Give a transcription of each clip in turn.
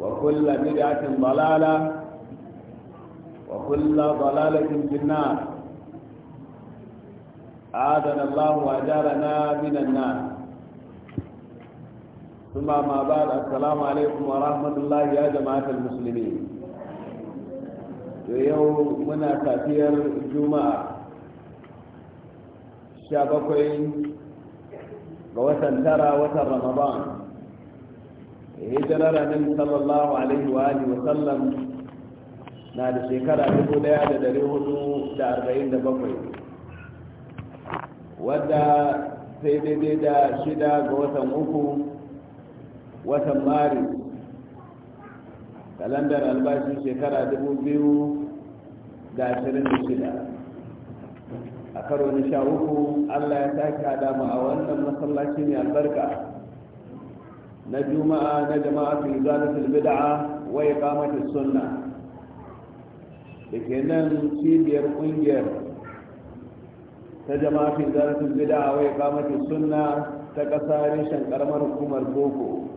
وكل بدعة ضلالة وكل ضلالة في النار أعاذنا الله وأجارنا من النار ثم ما بعد السلام عليكم ورحمة الله يا جماعة المسلمين يوم من أساتير الجمعة شابكين وسنترى وسن رمضان janara nan sallallahu alaihi wa alihi wa sallam na da shekara 1447 wadda sai daidai da shida ga watan uku watan mari kalandar albashin shekara 2026 a karo na sha uku allah ya sake hada mu a wannan masallaci mai albarka na juma'a na jama'atul zanatul bid'a wa iqamatis sunna da ke nan cibiyar kungiyar ta jama'atul zanatul bid'a wa iqamatis sunna ta kasa reshen karamar hukumar boko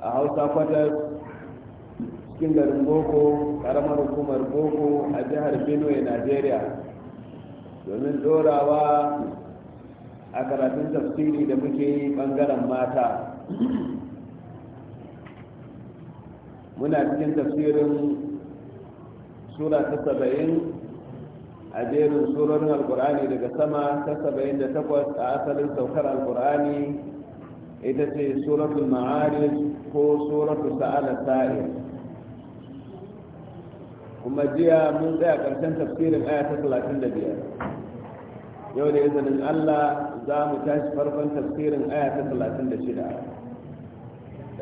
a hausa kwata cikin garin boko karamar hukumar boko a jihar benue nigeria domin dorawa a karatun tafsiri da muke bangaren mata muna cikin tafsirin sura ta saba'in a jerin surorin alkur'ani daga sama ta saba'in da takwas a asalin saukar alkur'ani ita ce suratul ma'arif ko suratul sa'ala sa'ir kuma jiya mun tsaya karshen tafsirin aya ta talatin da biyar yau da izinin allah za mu tashi farkon tafsirin aya ta talatin da shida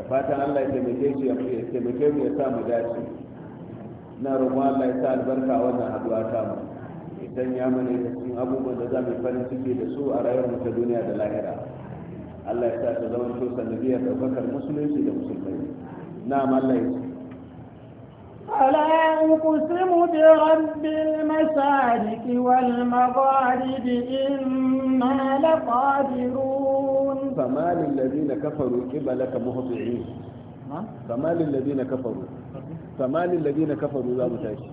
fatan Allah ya taimake shi ya taimake mu ya sa mu dace na roƙon Allah ya sa albarka a wannan haduwa ta mu idan ya mana ita cikin abubuwan da za mu farin ciki da su a rayuwar mu ta duniya da lahira Allah ya sa ta zama to sanadiyar ɗaukakar musulunci da musulmai na'am Allah ya فلا أقسم برب المشارق والمغارب إنا لقادرون فما للذين كفروا قبلك مهطعين فما للذين كفروا فما للذين كفروا لا متاشي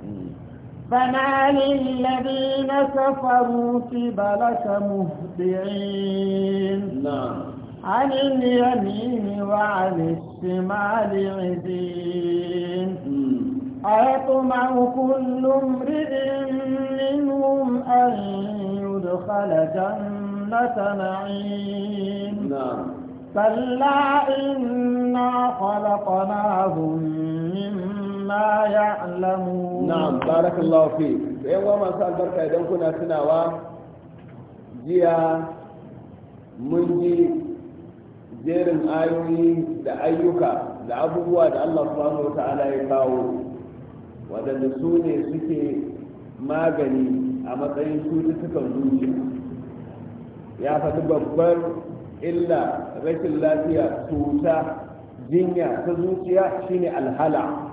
فما للذين كفروا قبلك مهطعين نعم عن اليمين وعن الشمال عزين أيطمع كل امرئ منهم أن يدخل جنة جنة نعيم كلا إنا خلقناهم مما يعلمون نعم بارك الله فيك يوم ما سأل بركة إذا كنا سنوا جيا منجي jerin ayoyi da ayyuka da abubuwa da Allah subhanahu ta'ala ya kawo wadanda su ne suke magani a matsayin cututtukan zuciya ya faɗi babbar illa rashin lafiya cuta jinya ta zuciya shine alhala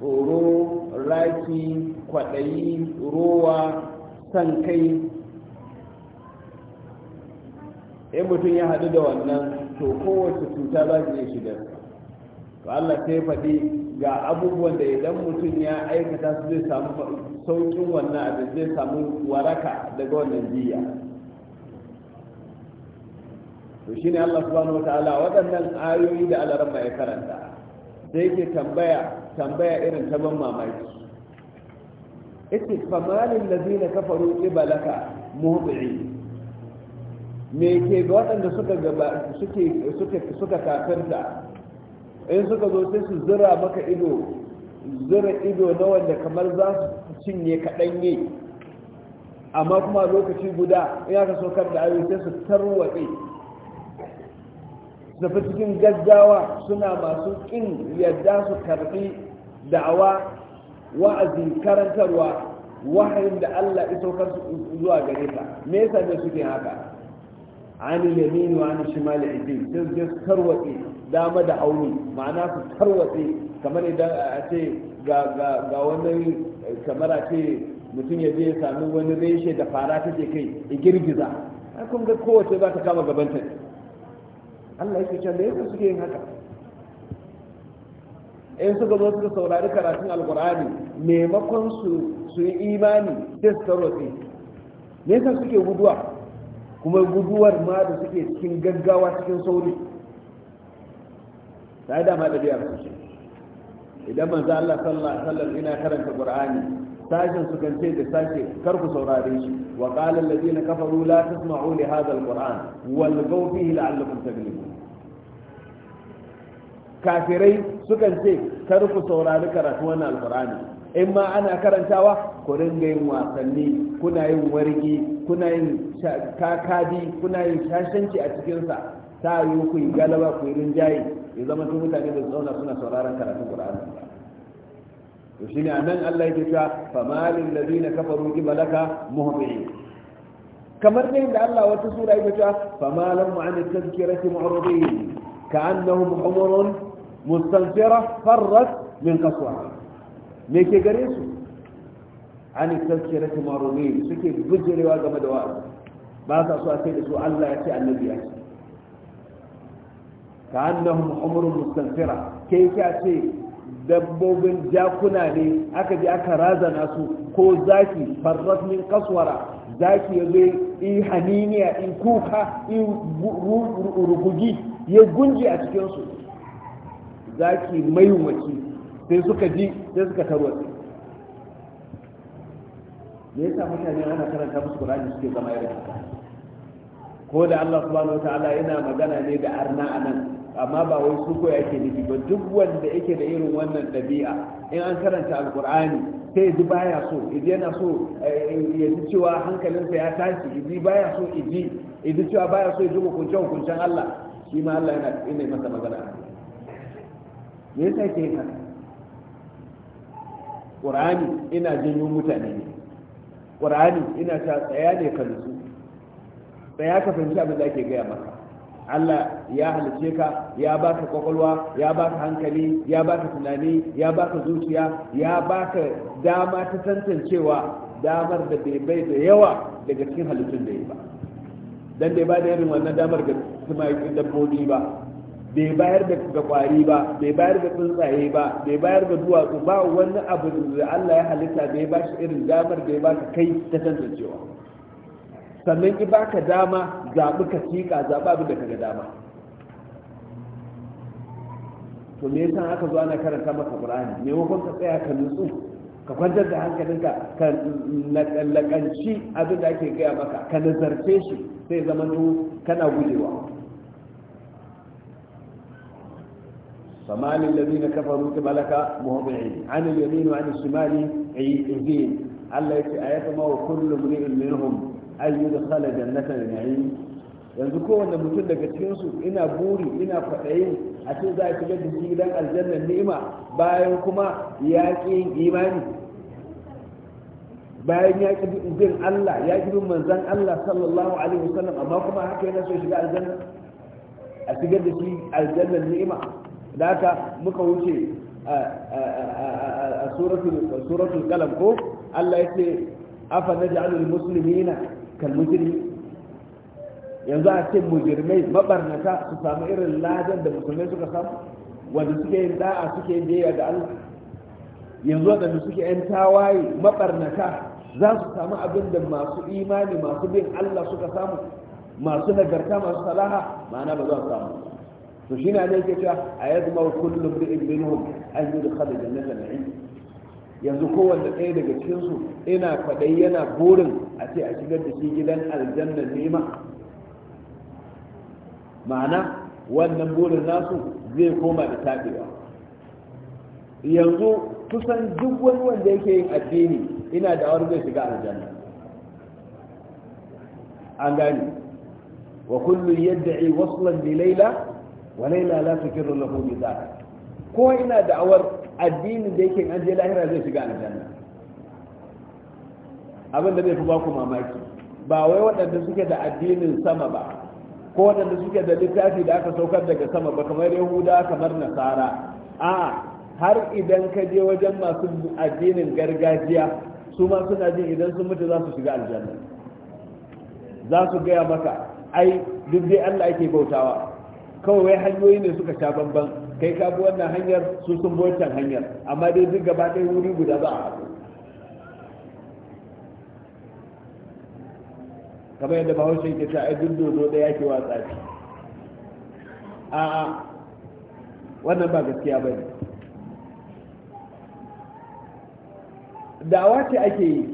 tsoro raki kwaɗayi rowa san kai in mutum ya haɗu da wannan to kowace cuta za su iya shiga to allah sai faɗi ga abubuwan da idan mutum ya aikata su zai samu sauƙin wannan abin zai samu waraka daga wannan jiya to shi ne Allah subhanahu Ta'ala waɗannan ayoyi da alaran ya karanta da yake tambaya tambaya irin ta ban mamaki ita famalin lazina kafaru ibalaka muhdi'i me ke ga waɗanda suka gaba suke suka suka kafirta in suka zo sai su zura maka ido zura ido na wanda kamar za su cinye kaɗanye amma kuma lokaci guda in aka so kar da ayoyi sai su tarwatse tafi cikin gaggawa suna masu ƙin yadda su karɓi da'awa wa'azi karantarwa wahayin da Allah saukar su zuwa gare ta me yasa ne suke haka ani yamin wa ani shimal idin sai su tarwatse dama da auni ma'ana su tarwatse kamar idan a ce ga ga ga wani kamar a ce mutum ya je ya sami wani reshe da fara take kai igirgiza girgiza kun ga kowace za ta kama gabanta. Allah yake cewa da yasa suke yin haka in suka zo suka saurari karatun alkur'ani maimakon su su yi imani sai su me yasa suke guduwa kuma guduwar ma da suke cikin gaggawa cikin sauri ta dama da biyar su ce idan manzo Allah sallallahu alaihi ina karanta qur'ani sashen su kan ce da sashe kar ku saurare shi wa qala alladhina kafaru la tasma'u li hadha alquran wal fihi la'allakum kafirai sukan ce kar ku saurari karatu wannan alqurani in ma ana karantawa ku ringa yin wasanni kuna yin wargi kuna yin kakadi kuna yin shashanci a cikinsa ta yi ku yi galaba ku yi rinjaye ya zama tun mutane da zauna suna sauraron karatun qur'ani to shine anan Allah yake cewa famalil ladina kafaru qibalaka muhbi'in kamar ne da Allah wata sura yake cewa famalahum an tadhkirati mu'ridin ka'annahum humurun mustanfira farrat min qaswa me ke gare su an tadhkirati mu'ridin suke bujirewa game da wa'azi ba sa so a sai da su Allah ya ce annabi ya ce ka'annahum humurun mustanfira kai ka ce dabbobin jakuna ne aka je aka razana su ko zaki farrat min kaswara zaki ya zo in haniniya in kuka in rugugi ya gunji a cikinsu zaki mai waki sai suka ji sai suka tarwatsi me yasa mutane ana karanta musu Qur'ani suke zama irin ko da Allah subhanahu wataala yana magana ne da arna anan amma ba wai su koya ke nufi ba duk wanda yake da irin wannan ɗabi'a in an karanta alkur'ani sai ji baya so idi yana so eh, ya ji cewa hankalinsa ya tashi idi baya so idi idi cewa baya so ya ji hukuncen hukuncen Allah shi ma Allah yana ina masa magana me yasa ke yin haka qur'ani ina janyo mutane ne qur'ani ina ta tsaya ne ka nutsu tsaya ka fahimci abin da ake gaya maka Allah ya halice ka ya baka kwakwalwa ya baka hankali ya baka tunani ya baka zuciya ya baka dama ta tantancewa damar da bai bai da yawa daga cikin halittun da ya ba dan bai ba da irin wannan damar ga da dabbobi ba bai bayar da kwari ba bai bayar da tsuntsaye ba bai bayar da duwatsu ba wani abu da Allah ya halitta da ya ba shi irin damar da ya baka kai ta tantancewa sannan ki baka dama zaɓi ka tiƙa zaɓi abin da ka ga dama to me yasa aka zo ana karanta maka qur'ani me wakon ka tsaya ka nutsu ka kwantar da hankalinka ka lakanci abin da ake gaya maka ka nazarce shi sai zama to kana gujewa فما للذين كفروا قبلك مهطعين عن اليمين وعن الشمال عزين الله يتي آيات ما وكل امرئ منهم an yi da kala jannata da na'im yanzu kowane mutum daga cikinsu ina buri ina kwaɗayi a cikin za a shiga da shi gidan aljannan ni'ima bayan kuma ya ƙi imani bayan ya ƙi bin Allah ya ƙi bin manzan Allah sallallahu alaihi wasallam amma kuma haka yana so shiga aljanna a shigar da shi aljannan ni'ima da haka muka wuce a suratul qalam ko Allah ya ce afa naj'alul muslimina kalmujiri yanzu a ce mujirmai mabarnata su samu irin ladan da musulmai suka samu wanda suke yin da'a suke yin jayya ga Allah yanzu wanda suke yan tawaye mabarnata za su samu abin da masu imani masu bin Allah suka samu masu nagarta masu salaha ma'ana ba za su samu to shine ne yake cewa ma kullu bi'in minhum an yudkhala jannatan na'im yanzu kowanne ɗaya daga cikinsu ina faɗai yana burin a ce a shigar da shi gidan aljanna nema ma'ana wannan burin nasu zai koma da taɓewa yanzu kusan duk wani wanda yake yin addini ina da awar zai shiga aljanna an gani wa kullum yadda'i waslan bi laila wa laila la tukiru lahu bi ko ina da awar addinin da yake an je lahira zai shiga aljanna abin da zai fi baku mamaki ba wai waɗanda suke da addinin sama ba ko waɗanda suke da littafi da aka saukar daga sama ba kamar yahuda kamar nasara a har idan ka je wajen masu addinin gargajiya su ma suna jin idan sun mutu za su shiga aljanna za su gaya maka ai duk dai allah ake bautawa kawai hanyoyi ne suka sha bamban kai ka bi wannan hanyar su sun bi wancan hanyar amma dai duk gaba ɗaya wuri guda ba a haɗu kamar yadda bahaushe ke ta ai duk dodo da yake watsa shi a'a wannan ba gaskiya ba ne da'awa ce ake yi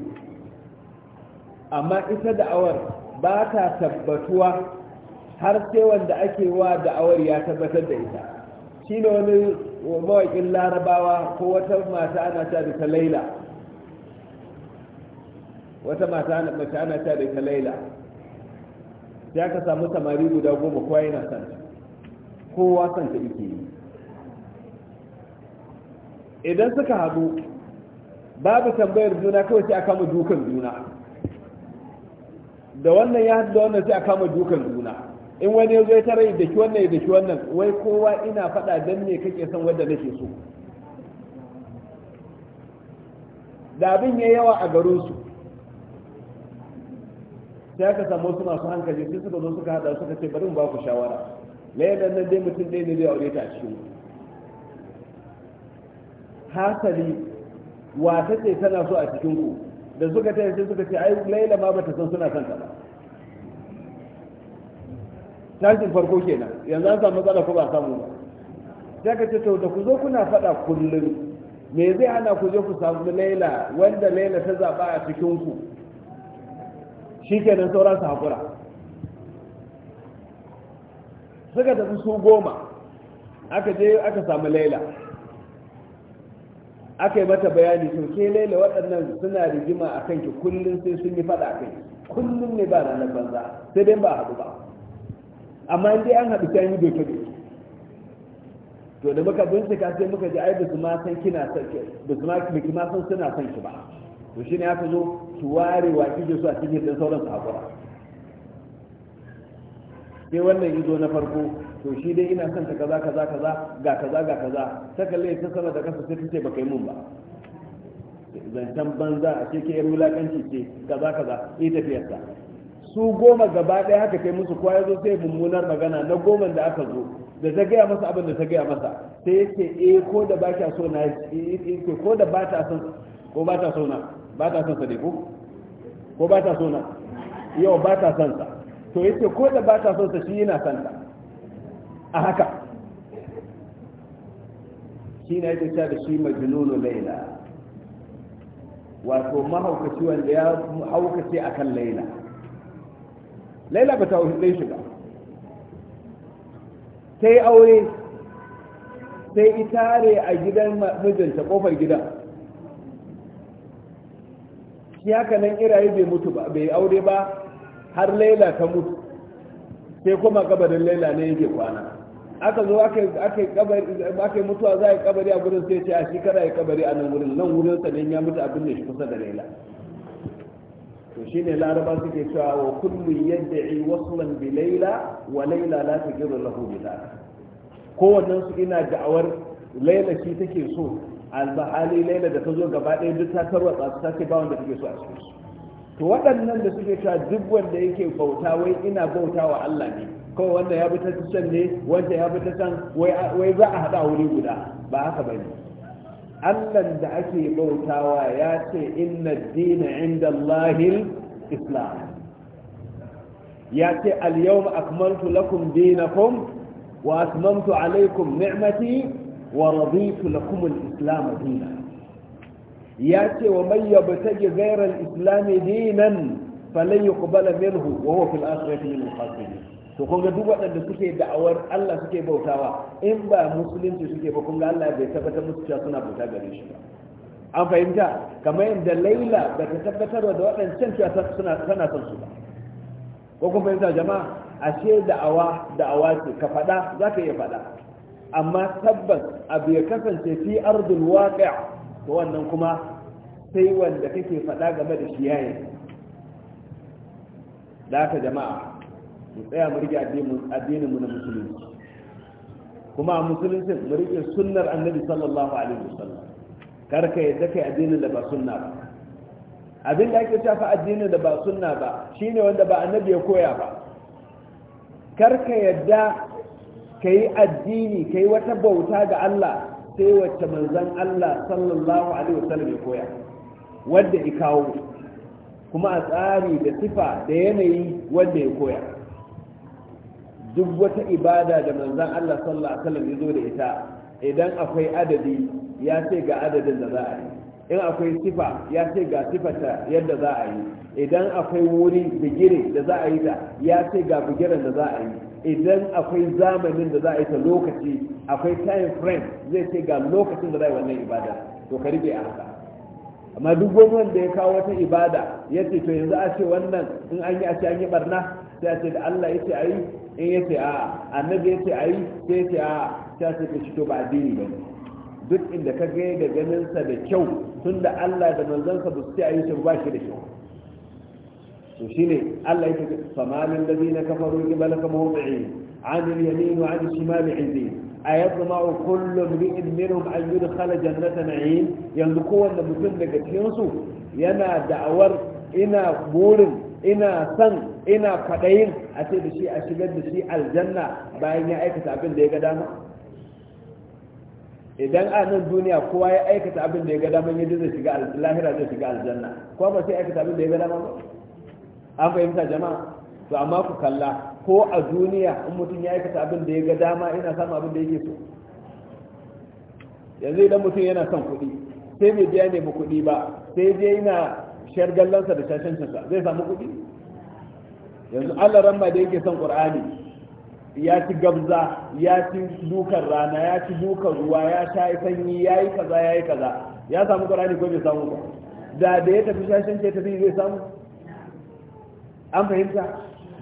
amma ita da'awar ba ta tabbatuwa har sai wanda ake wa da'awar ya tabbatar da ita shi ne wani mawaƙin larabawa ko wata mata ana ta da laila wata mata mace ana ta da laila sai aka samu samari guda goma kowa yana san kowa san ta ike yi idan suka haɗu babu tambayar juna kawai sai a kama dukan juna da wannan ya haɗu da wannan sai a kama dukan juna in wani ya zo tare da ki wannan da ki wannan wai kowa ina faɗa dan ne kake son wanda nake so da abin ya yawa a garin su sai aka samu su masu hankali sai suka zo suka hada suka ce bari mu ba ku shawara dan nan dai mutum ɗaya ne zai aure ta a cikin hasali wata ce tana so a cikin ku da suka ce sai suka ce ai laila ma bata san suna son ta ba tashin farko kenan yanzu an samu matsala ko ba samu ba sai ka ce to da ku zo kuna faɗa kullum me zai ana ku je ku samu laila wanda laila ta zaɓa a cikin ku shikenan sauran su haƙura suka tafi su goma aka je aka samu laila aka yi mata bayani to ke laila waɗannan suna rigima a kanki kullum sai sun yi faɗa kai kullum ne ba ranar banza sai dai ba a haɗu ba amma in dai an haɗu ta yi doka doke to da muka bincika sai muka ji ai basu ma san kina san su ma miki ma san suna san ki ba to shine aka zo ki ware wa kije su a cikin dan sauran sakura sai wannan izo na farko to shi dai ina son ta kaza kaza kaza ga kaza ga kaza ta kalle ta sama da kasa sai tace baka yi mun ba zancen banza a ce ke yar wulakanci ce kaza kaza ita eh tafiyarsa su goma gaba ɗaya haka kai musu kowa ya zo sai mummunar magana na goma da aka zo da ta gaya masa abin da ta gaya masa sai yake eh ko da ba ta so na yake eh, eh, ko da ba ta son ko ba ta so na ba ta son sa ne ko ko ba ta so na yau ba ta son sa to yake ko da ba ta son sa shi yana son sa a haka shi na yake cewa da shi majnunu laila wato mahaukaci wanda ya haukace akan laila laila ba ta hulɗe shi ba ta yi aure sai itare a gidan mijinta kofar gidan shi haka nan iraye bai mutu ba bai aure ba har laila ta mutu sai kuma kabarin laila ne yake kwana aka zo aka yi mutuwa za a yi kabari a gudun sai ce a shi kada ya kabari a nan wurin nan wurin sa ne ya mutu abin da shi kusa da laila to shine laraba suke cewa wa kullu yi waslan bi Laila wa Laila la tajiru lahu bi kowannen su ina da'awar layla shi take so albahali Laila da ta zo gaba ɗaya duk ta tarwatsa ta ce ba wanda take so a cikin su to waɗannan da suke cewa duk wanda yake bauta wai ina bauta wa Allah ne kawai wanda ya bi ta can ne wanda ya bi ta can wai za a haɗa wuri guda ba haka bane allan da ake bautawa ya ce inna dina inda allahil islam ya ce al akmaltu lakum dinakum wa atmamtu alaykum ni'mati wa raditu lakum al-islam dinan ya ce wa man yabtaji ghayra al-islam dinan falan yuqbala minhu wa huwa fil akhirati min al-khasirin to kun ga duk waɗanda suke da'awar Allah suke bautawa in ba musulunci suke ba kun ga Allah bai tabbatar musu cewa suna bauta gare shi ba an fahimta kamar yadda Laila ba ta tabbatar da waɗancan cewa suna tana son su ba ko kun fahimta jama'a ashe da'awa da'awa ce ka faɗa za ka iya faɗa amma tabbas abu ya kasance fi ardul waqi' to wannan kuma sai wanda kake faɗa game da shi yayin da haka jama'a mu tsaya mu rike addinin mu na musulunci kuma a musulunci mu rike sunnar annabi sallallahu alaihi wasallam kar ka yadda kai addinin da ba sunna ba abin da ake shafa addinin da ba sunna ba shine wanda ba annabi ya koya ba kar ka yadda ka yi addini ka yi wata bauta ga Allah sai wacce manzan Allah sallallahu alaihi wasallam ya koya wanda ya kawo kuma a tsari da sifa da yanayi wanda ya koya duk wata ibada da manzon Allah sallallahu alaihi wasallam ya zo da ita idan akwai adadi ya ce ga adadin da za a yi in akwai sifa ya ce ga sifata yadda za a yi idan akwai wuri bigire da za a yi ta ya ce ga bigiren da za a yi idan akwai zamanin da za a yi ta lokaci akwai time frame zai ce ga lokacin da za a yi wannan ibada to ka rike haka amma duk wanda ya kawo wata ibada ya ce to yanzu a ce wannan in an yi a ce an yi barna sai a ce da Allah ya ce a yi in ya ayi a annabi ya sai ya ce a ba addini ba duk inda ka ga da ganinsa da kyau tun da Allah da manzansa ba su ce a yi shi ba shi da kyau to shine Allah ya ce famalin da zina ka faru ki balaka mawdi'i anil yamin wa anil shimal izi ayatma kullu mri'in minhum an yudkhala jannatan na'im yanzu kowane mutum daga cikin su yana da'awar ina burin ina san ina fadayin a ce da shi a shigar da shi aljanna bayan ya aikata abin da ya ga dama idan a nan duniya kowa ya aikata abin da ya ga dama ya zai shiga lahira zai shiga aljanna kowa ba sai aikata abin da ya ga dama ba an fahimta jama'a to amma ku kalla ko a duniya in mutum ya aikata abin da ya ga dama ina samun abin da yake so yanzu idan mutum yana son kuɗi sai bai biya nemi kuɗi ba sai dai yana shargallansa da shashancinsa zai samu kuɗi yanzu Allah ramma da yake son Qur'ani ya ci gabza ya ci dukan rana ya ci dukan ruwa ya sha sanyi ya yi kaza ya yi kaza ya samu Qur'ani ko bai samu ba da da ya tafi shashin ce tafi zai samu an fahimta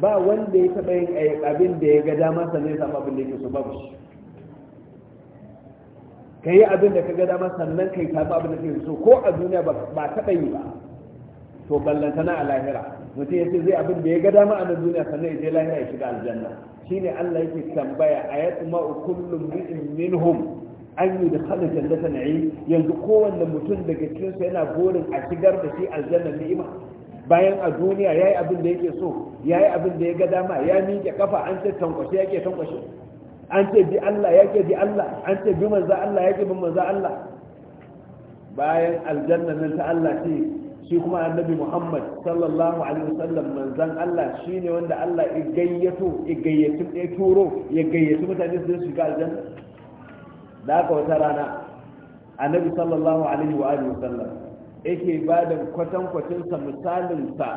ba wanda ya taɓa yin eh, abin da ya ga dama sannan ya samu abin da yake so babu shi ka yi abin da ka ga dama sannan ka yi samu abin da kake so ko a duniya ba taba yi ba to ballantana a lahira mutum ya ce zai abin da ya ga dama a nan duniya sannan ya je lahira ya shiga aljanna Shi ne Allah yake tambaya a yatma kullum mu'min minhum an yi da kada jannata na'i yanzu kowanne mutum daga cikin yana burin a shigar da shi aljanna ni'ima bayan a duniya ya yi abin da yake so Ya yi abin da ya ga dama ya miƙe kafa an ce tankwashe yake tankwashe an ce bi Allah ke bi Allah an ce bi manzo Allah ke bi manzo Allah bayan aljanna nan ta Allah ce shi kuma annabi muhammad sallallahu alaihi wasallam manzan allah shi ne wanda allah ya gayyato ya gayyaci ya turo ya gayyaci mutane su shiga aljanna da aka wata rana annabi sallallahu alaihi wa alihi wasallam yake ba da kwatankwacin sa misalin sa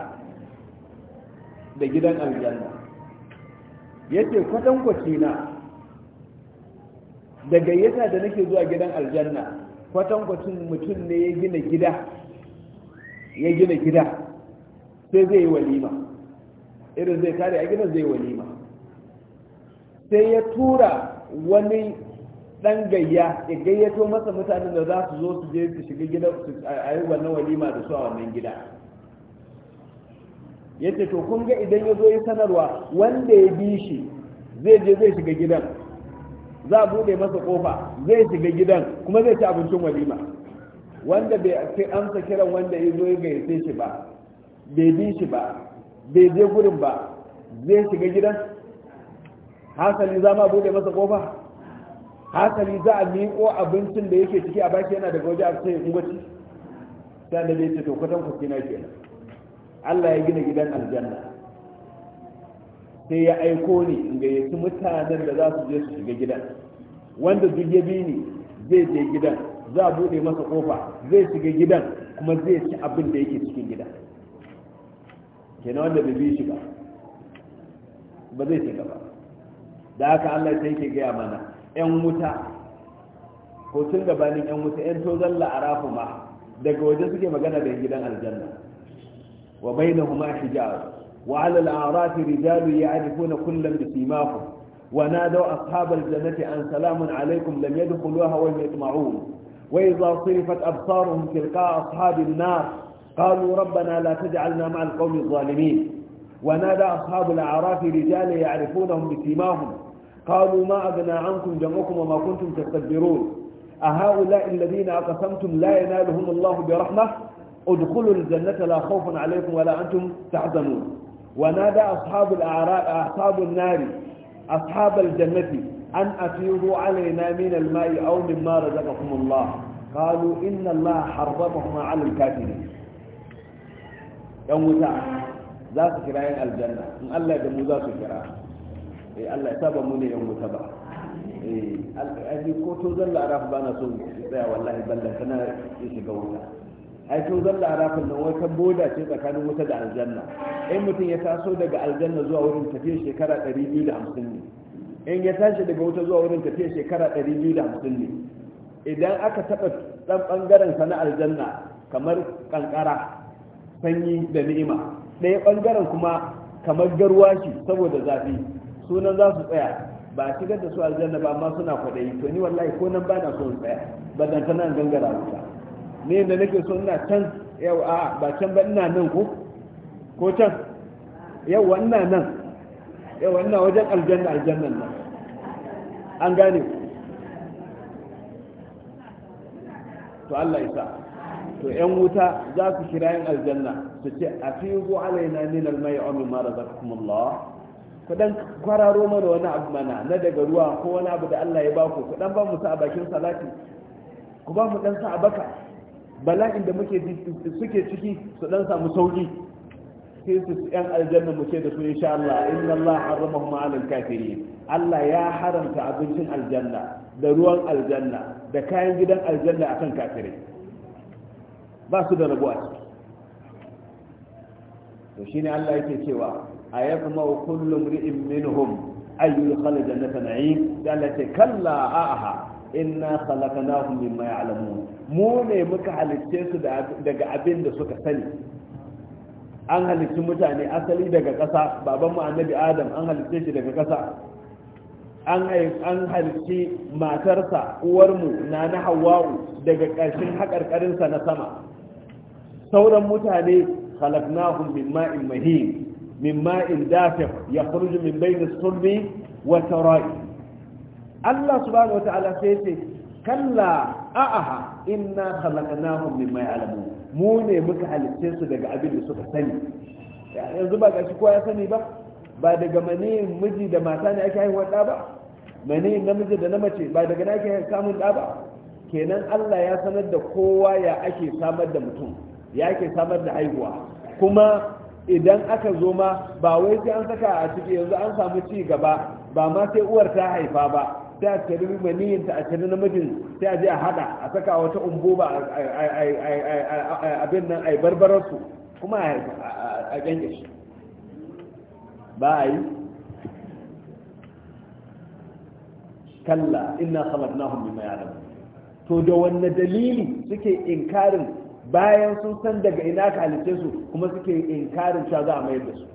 da gidan aljanna yace kwatan kwatina da gayyata da nake zuwa gidan aljanna kwatankwacin mutum ne ya gina gida ya gina gida sai zai yi walima irin zai kare a gina zai yi walima sai ya tura wani dan gayya ya gayyato masa mutanen da za su zo su je su shiga gida a yi wannan walima da su a wannan gida ya ce to kun ga idan ya zo yi sanarwa wanda ya bi shi zai je zai shiga gidan za a bude masa kofa zai shiga gidan kuma zai ci abincin walima wanda bai kai amsa kiran wanda ya zo ya gayyace shi ba bai bi shi ba bai je gurin ba zai shiga gidan hasali za ma bude masa kofa hasali za a miƙo abincin da yake ciki a baki yana daga waje a sai ungwaci sai da ya ce to kwatan na kenan Allah ya gina gidan aljanna sai ya aiko ni in gayyaci mutanen da za su je su shiga gidan wanda duk ya bi ni zai je gidan za a buɗe masa ƙofa zai shiga gidan kuma zai ci abin da yake cikin gida kenan wanda bai bi shi ba ba zai shiga ba da haka Allah sai ke gaya mana yan wuta ko tun gabanin yan wuta yan tozon la'arafu ma daga waje suke magana da gidan aljanna wa bai na bainahuma hijab wa 'ala al-a'rafi rijalu ya'rifuna kullam bi simahum ونادوا أصحاب الجنة أن سلام عليكم لم يدخلوها وهم يطمعون وإذا صرفت أبصارهم تلقاء أصحاب النار قالوا ربنا لا تجعلنا مع القوم الظالمين ونادى أصحاب الأعراف رجال يعرفونهم بسيماهم قالوا ما أغنى عنكم جمعكم وما كنتم تستدبرون أهؤلاء الذين أقسمتم لا ينالهم الله برحمة ادخلوا الجنة لا خوف عليكم ولا أنتم تحزنون ونادى أصحاب الأعراف أصحاب النار أصحاب الجنة an afiru alaina min almai aw min ma razaqakum Allah qalu inna Allah harrabahuma alal kafirin dan wuta za su kira yin aljanna in Allah da mu za su kira eh Allah ya saba mu ne yan wuta ba eh aji ko to zalla arafa bana so tsaya wallahi balla kana yi shiga wuta ai to zalla arafa nan wai ta boda ce tsakanin wuta da aljanna eh mutum ya taso daga aljanna zuwa wurin tafiya shekara 250 ne in ya tashi daga wuta zuwa wurin tafiya shekara 250 ne idan aka taɓa ɗan ɓangaren sa na aljanna kamar ƙanƙara sanyi da ni'ima ɗaya ɓangaren kuma kamar garwashi saboda zafi sunan za su tsaya ba a shigar da su aljanna ba amma suna kwaɗayi to ni wallahi ko nan ba na so in tsaya ba dan tana gangara wuta ne da nake so ina can yau a ba can ba ina nan ko ko can yau ina nan yau wannan wajen aljanna aljannan nan an gane ku to Allah ya sa to yan wuta za su kira yin aljanna su ce a fi yugo alaina min almai omi mara za ku dan kwararo mana wani abu mana na daga ruwa ko wani abu da Allah ya ba ku ku dan ba mu sa a bakin salati ku ba mu dan sa a baka bala'in da muke suke ciki su dan samu sauki sai su yan aljanna mu ce da su insha Allah inna Allah harramahum 'ala kafirin Allah ya haramta abincin aljanna da ruwan aljanna da kayan gidan aljanna akan kafirai ba su da rabuwa a to shine Allah yake cewa ayatma kullu mri'in minhum ayyul khala jannata na'im da Allah ce kalla a'a inna khalaqnahum mimma ya'lamun mu ne muka halicce su daga abin da suka sani an halicci mutane asali daga ƙasa babanmu annabi adam an halicce shi daga ƙasa an halicci matarsa uwarmu na na hawa'u daga ƙarshen haƙarƙarinsa na sama sauran mutane khalaqnahum min ma'in mahin min ma'in dafiq yakhruju min bayni sulbi wa tara'i Allah subhanahu wa ta'ala sai ce kalla a'aha inna khalaqnahum min ma'in alamu. mu ne muka halicce su daga abin da suka sani yanzu ba gashi kowa ya sani ba ba daga maniyin miji da mata ne ake haihuwar ɗa ba maniyin namiji da na mace ba daga na ake samun ɗa ba kenan allah ya sanar da kowa ya ake samar da mutum ya ake samar da haihuwa kuma idan aka zo ma ba wai sai an saka a ciki yanzu an samu ci gaba ba ma sai uwar ta haifa ba sai a tari maniyinta a tari namijin sai a je a hada a saka wata umboba abin nan a yi barbararsu kuma a kyanke shi ba a yi kalla ina hulmi mai alamu to da wanne dalili suke inkarin bayan sun san daga ina ka su kuma suke inkarin cewa za a mayar da su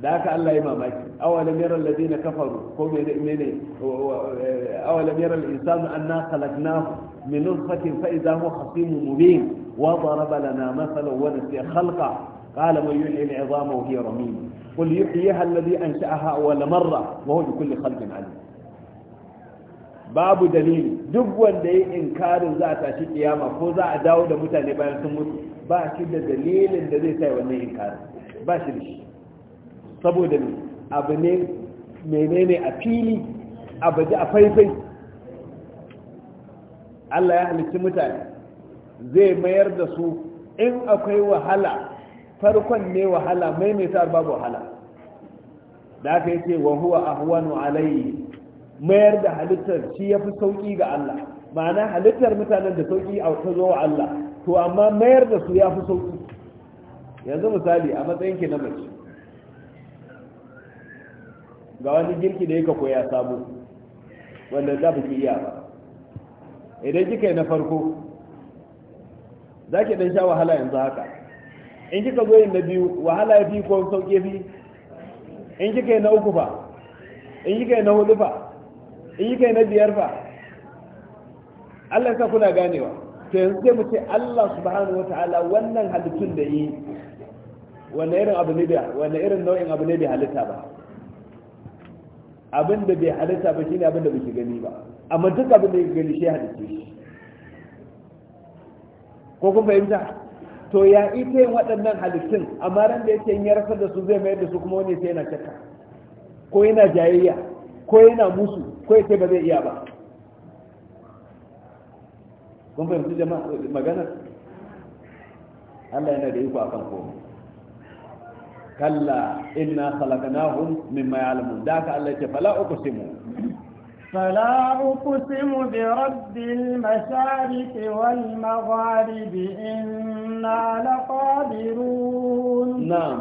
da haka Allah ya mamaki awalam yara alladhina kafaru ko menene eh, awalam yara al-insanu anna khalaqnahu min nutfatin fa idha huwa khasimun mubin wa daraba lana mathalan wa nasiya khalqa qala man yuhyi al-'idhama wa hiya ramim qul yuhyiha alladhi ansha'aha awwala marra wa huwa bikulli khalqin 'alim babu dalili duk wanda ya inkarin za a tashi kiyama ko za a dawo da mutane bayan sun mutu ba shi da dalilin da zai sai wannan inkarin ba shi da shi saboda ne abu ne menene a fili abu a faifai Allah ya halitta mutane zai mayar da su in akwai wahala farkon ne wahala maimaitar babu wahala da aka yake wahuwa a huwanu alayi mayar da halittar shi ya fi sauƙi ga Allah ma'ana halittar mutanen da sauƙi a ta zo wa Allah to amma mayar da su ya fi sauƙi yanzu misali a matsayin ki na mace ga wani girki da yake koya sabo wanda za ki iya ba idan kika yi na farko za ki dan sha wahala yanzu haka in kika zo yin na biyu wahala ya fi ko sauƙi fi in kika yi na uku fa in kika yi na hudu fa in kika yi na biyar fa Allah ka kuna ganewa to yanzu sai mu ce Allah subhanahu wataala wannan halittun da yi wanda irin abu ne da wanda irin nau'in abu ne bai halitta ba abin da bai halitta ba shine abin da bai gani ba amma duk abin da ya gani shi halitta shi ko kun fahimta to ya ita yin waɗannan halittun amma ran da yake ya rasar da su zai mayar da su kuma wani sai yana cakka ko yana jayayya ko yana musu ko ya ba zai iya ba kun fahimci jama'a maganar Allah yana da iko akan komai كلا إنا خلقناهم مما يعلمون ذاك التي فلا أقسم فلا أقسم برب المشارق والمغارب إنا لقادرون نعم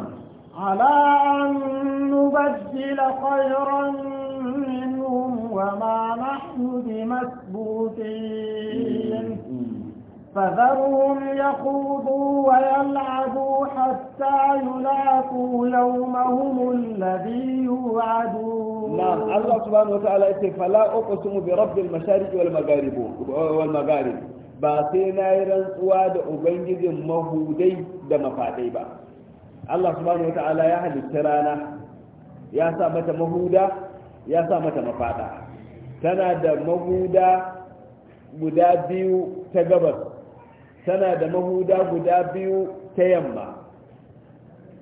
على أن نبدل خيرا منهم وما نحن بمسبوقين فذرهم يخوضوا ويلعبوا حتى يلاقوا يومهم الذي يوعدون نعم الله سبحانه وتعالى فلا أقسم برب المشارق والمغارب والمغارب ba sai na rantsuwa da ubangijin mahudai da mafaɗai ba Allah subhanahu ya halitta rana ya sa mata mahuda ya mata tana da mahuda guda biyu ta gabas tana da mahuda guda biyu ta yamma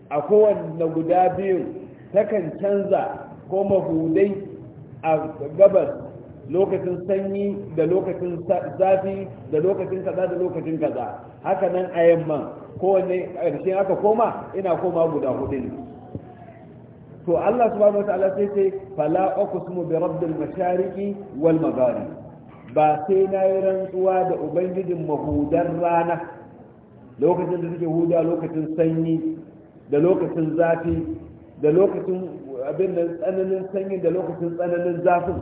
a kowanne guda biyun takan canza ko mahudai a gabas lokacin sanyi da lokacin zafi da lokacin kaza da lokacin kaza haka nan a yamma kowanne ƙarshen aka koma ina koma guda hudu ne to Allah subhanahu wa ta'ala sai sai fala aqsimu bi rabbil mashariqi wal magharib ba sai na yi rantsuwa da ubangijin mahudan rana lokacin da suke huda lokacin sanyi da lokacin zafi da lokacin abin da tsananin sanyi da lokacin tsananin zafin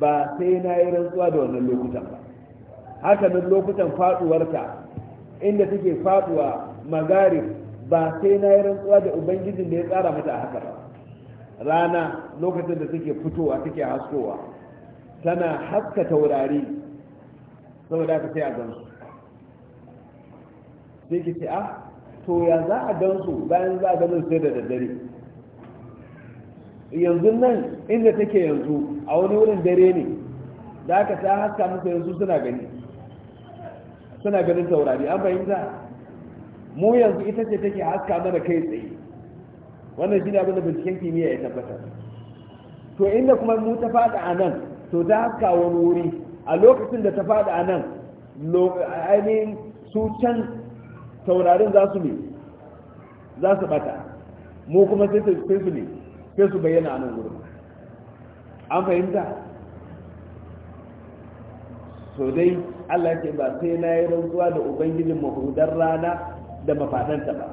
ba sai na yi rantsuwa da wannan lokutan ba haka nan lokutan faduwarta inda suke faduwa magari ba sai na yi rantsuwa da ubangijin da ya tsara mata a haka ba rana lokacin da suke fitowa suke haskowa tana haska taurari saboda ka sai a gansu sai ki ce ah to ya za a gansu bayan za a gansu sai da daddare yanzu nan inda take yanzu a wani wurin dare ne da aka ta haska musu yanzu suna gani suna ganin taurari an fahimta mu yanzu ita ce take haska mana kai tsaye wannan shi ne abin da binciken kimiyya ya tabbatar to inda kuma mu ta faɗa a nan to ta haska wani wuri a lokacin da ta faɗi a nan ainihin su can taurarin za su ne za su bata mu kuma sai su ne sai su bayyana a nan wurin an fahimta so dai allah ce ba sai na yi rantsuwa da ubangijin mahudar rana da mafaɗanta ba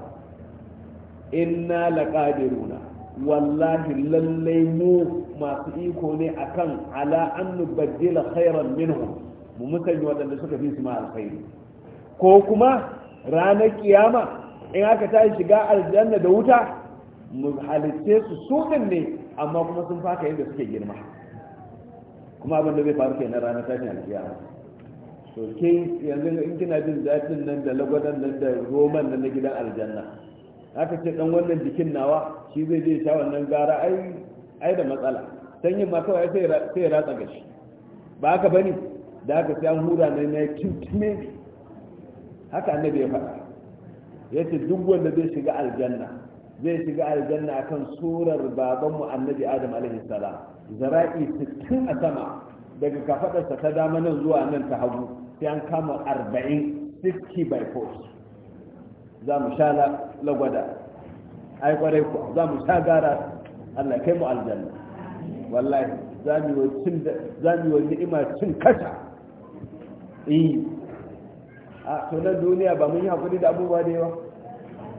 inna laƙadiruna wallahi lallai mu masu iko ne akan ala an nubaddila khairan minhum mu mutan waɗanda suka fi su ma alkhairi ko kuma ranar kiyama in aka tashi shiga aljanna da wuta mu halitce su su ne amma kuma sun faka yadda suke girma kuma abin da zai faru kenan ranar tashin alkiyama to ke yanzu in kina jin zafin nan da lagwadan nan da roman nan na gidan aljanna aka ce dan wannan jikin nawa shi zai je sha wannan gara ai ai da matsala yin ma kawai sai sai ratsa gashi ba haka bane da haka sai an hura ne ya kintime haka annabi ya faɗa yace duk wanda zai shiga aljanna zai shiga aljanna akan surar babanmu annabi adam alaihi salam zara'i 60 a sama daga kafadarsa ta dama nan zuwa nan ta hagu sai an kama 40 60 by force za mu sha lagwada ai kwarai ku za mu sha gara Allah kai mu aljanna wallahi za mu yi da ni'ima cin kasa eh a to duniya ba mun yi hakuri da abubuwa da yawa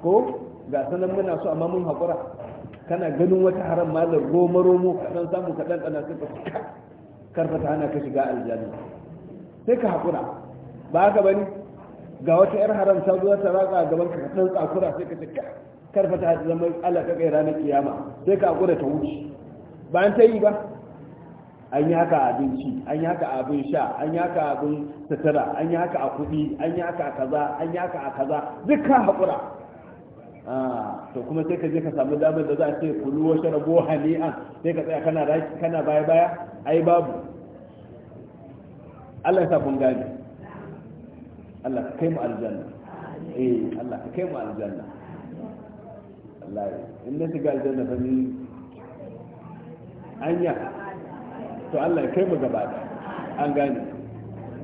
ko ga sanan muna so amma mun hakura kana ganin wata haram malar goma romo kaɗan samu kaɗan ɗana sai ka karfata hana ka shiga aljanna sai ka haƙura ba haka bane ga wata yar haram ta zo ta raka a gaban ka ka tsakura sai ka tsaka karfa ta zama Allah ka kai ranar kiyama sai ka akura ta wuce ba an ta yi ba an yi haka abinci an yi haka abin sha an yi haka abin sutura an yi haka a kuɗi an yi haka a kaza an yi haka a kaza duk ka haƙura ah, to kuma sai ka je ka samu damar da za a ce kulu wa sharabo hani'an sai ka tsaya kana kana baya baya ai babu Allah ya sa kun gane Allah ka kai mu aljanna eh Allah ka kai mu aljanna wallahi in na shiga aljanna fa ni anya to Allah ya kai mu gaba da an gane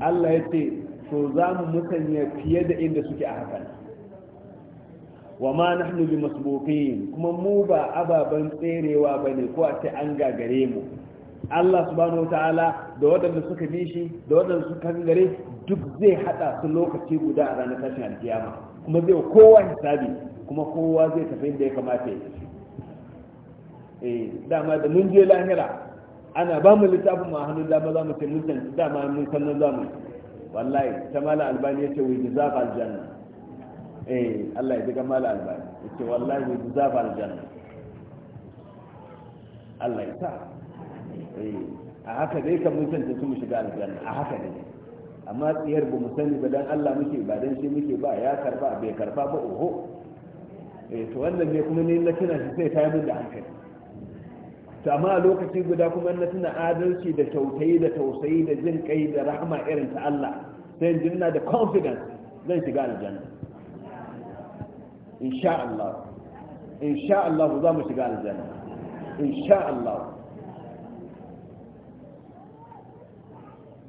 Allah ya ce to za mu musanya fiye da inda suke a hakan wa ma nahnu bi masbuqin kuma mu ba ababan tserewa bane ko a ce an gagare mu Allah subhanahu wata'ala da waɗanda suka bi shi da waɗanda suka gare duk zai haɗa su lokaci guda a ranar tashin alkiyama kuma zai kowa hisabi kuma kowa zai tafi da ya kamata ya eh dama da mun je lahira ana ba mu littafin ma hannun dama za mu ce mun san dama mun san nan za mu wallahi ta mala albani yace wai jazafa aljanna eh Allah ya ji mala albani yace wallahi jazafa aljanna Allah ya sa a haka dai kan mutunta su mu shiga aljanna a haka dai amma tsiyar ba mu sani ba dan Allah muke ba dan shi muke ba ya karba bai karba ba oho eh to wannan ne kuma ne na tuna shi sai ta min da hankali to amma a lokaci guda kuma na tuna adalci da tausayi da tausayi da jin kai da rahama irin ta Allah sai in da confidence zan shiga aljanna insha Allah insha Allah za mu shiga aljanna insha Allah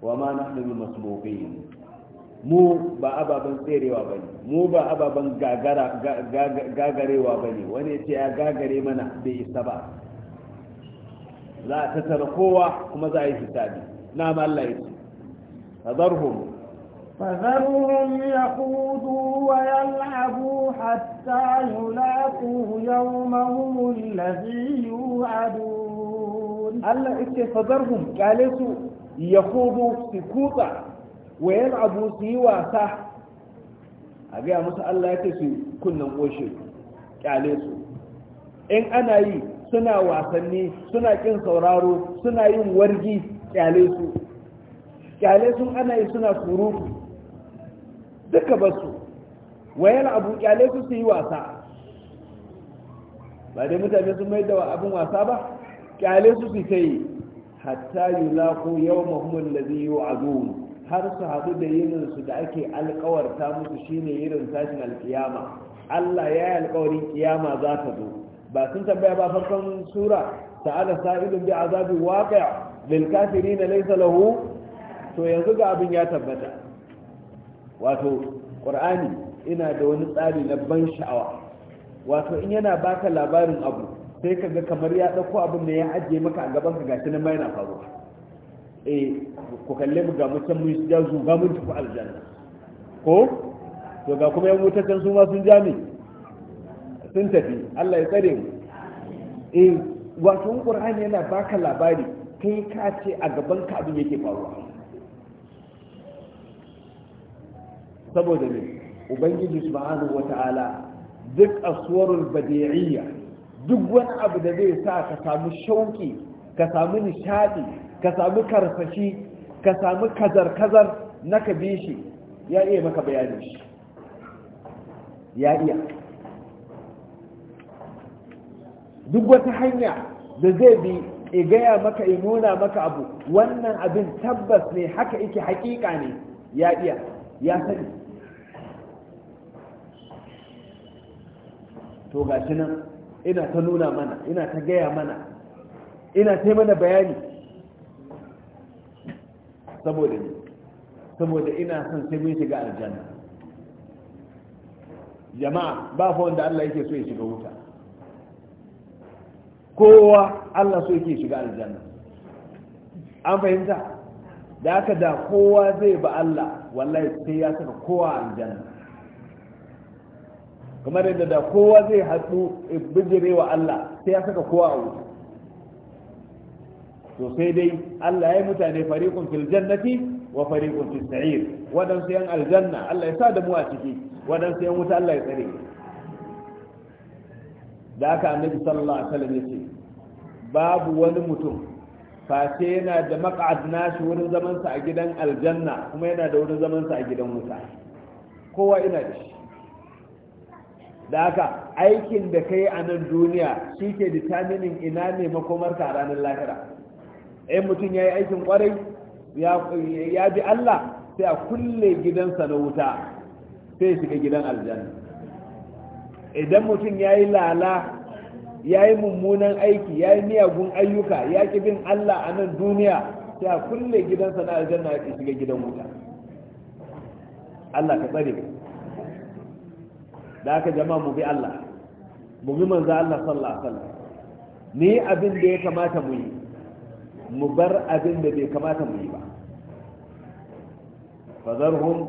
wa ma nahnu bi masbuqin mu ba ababen tserewa bane mu ba ababen gagara gagarewa bane wani ce ya gagare mana bai isa ba za ta tara kowa kuma za a yi hisabi na ma Allah ya ce fazarhum فذرهم يخوضوا hatta حتى يلاقوا يومهم الذي يوعدون الله اكتفى فذرهم قالوا yahudu su kutsa wa yan abu su yi wasa a gaya musu Allah ya ce su kunnan ƙoshe ƙyale su in ana yi suna wasanni suna ƙin sauraro suna yin wargi ƙyale su ƙyale sun ana yi suna surutu duka ba su yan abu ƙyale su su yi wasa ba dai mutane sun mai da abin wasa ba ƙyale su su ta yi hatta yulaqu yawmahum alladhi yu'adun har su haɗu da yinin da ake alkawarta musu shine yinin sashin alkiyama Allah ya yi alkawarin kiyama za ta zo ba sun tambaya ba farkon sura ta'ala sa'ilun bi azabi waqi' lil kafirin laysa lahu to yanzu ga abin ya tabbata wato qur'ani ina da wani tsari na ban sha'awa wato in yana baka labarin abu sai ka ga kamar ya ɗauko abin da ya ajiye maka a gaban ka gashi nan ma yana faruwa eh ku kalle mu ga mu can mun ja ga mun tafi aljanna ko to ga kuma yan wuta can su ma sun ja sun tafi Allah ya tsare mu eh wato Qur'ani yana baka labari kai ka ce a gaban ka abin yake faruwa saboda ne ubangiji subhanahu wata'ala duk aswarul badi'iyya duk wani abu da zai sa ka samu shauki ka samu nishadi ka samu karfashi ka samu kazar-kazar na ka bi shi ya iya maka bayanin shi ya iya duk wata hanya da zai bi e gaya maka e nuna maka abu wannan abin tabbas ne haka yake hakika ne ya iya ya sani to gashi nan ina ta nuna mana ina ta gaya mana ina ta mana bayani saboda ne saboda ina son sai mun shiga aljanna jama'a ba fa wanda Allah yake so ya shiga wuta kowa Allah so yake shiga aljanna an fahimta da haka da kowa zai ba Allah wallahi sai ya saka kowa aljanna kamar yadda da kowa zai haɗu eh, bijire wa Allah sai ya saka kowa a wuta to sai dai Allah ya mutane fariqun fil jannati wa fariqun fil sa'ir wadan sai yan aljanna Allah ya sa da mu a ciki wadan sai yan wuta Allah ya tsare da haka annabi sallallahu alaihi wasallam yace babu wani mutum face yana da maq'ad nashi wurin zaman sa a gidan aljanna kuma yana da wurin zaman sa a gidan wuta kowa ina da shi da haka aikin da kai a nan duniya shi ke determining ina ne makomarka a ranar lahira in mutum ya yi aikin kwarai ya bi Allah sai a kulle gidansa na wuta sai shiga gidan aljanna idan mutum ya yi lala ya yi mummunan aiki ya yi miyagun ayyuka ya ki bin Allah a nan duniya sai a kulle gidansa na aljanna ya shiga gidan wuta Allah ka tsare da aka jama'a mu bi Allah mu bi manzo Allah sallallahu alaihi wasallam ni abin da ya kamata mu yi mu bar abin da bai kamata mu yi ba fadarhum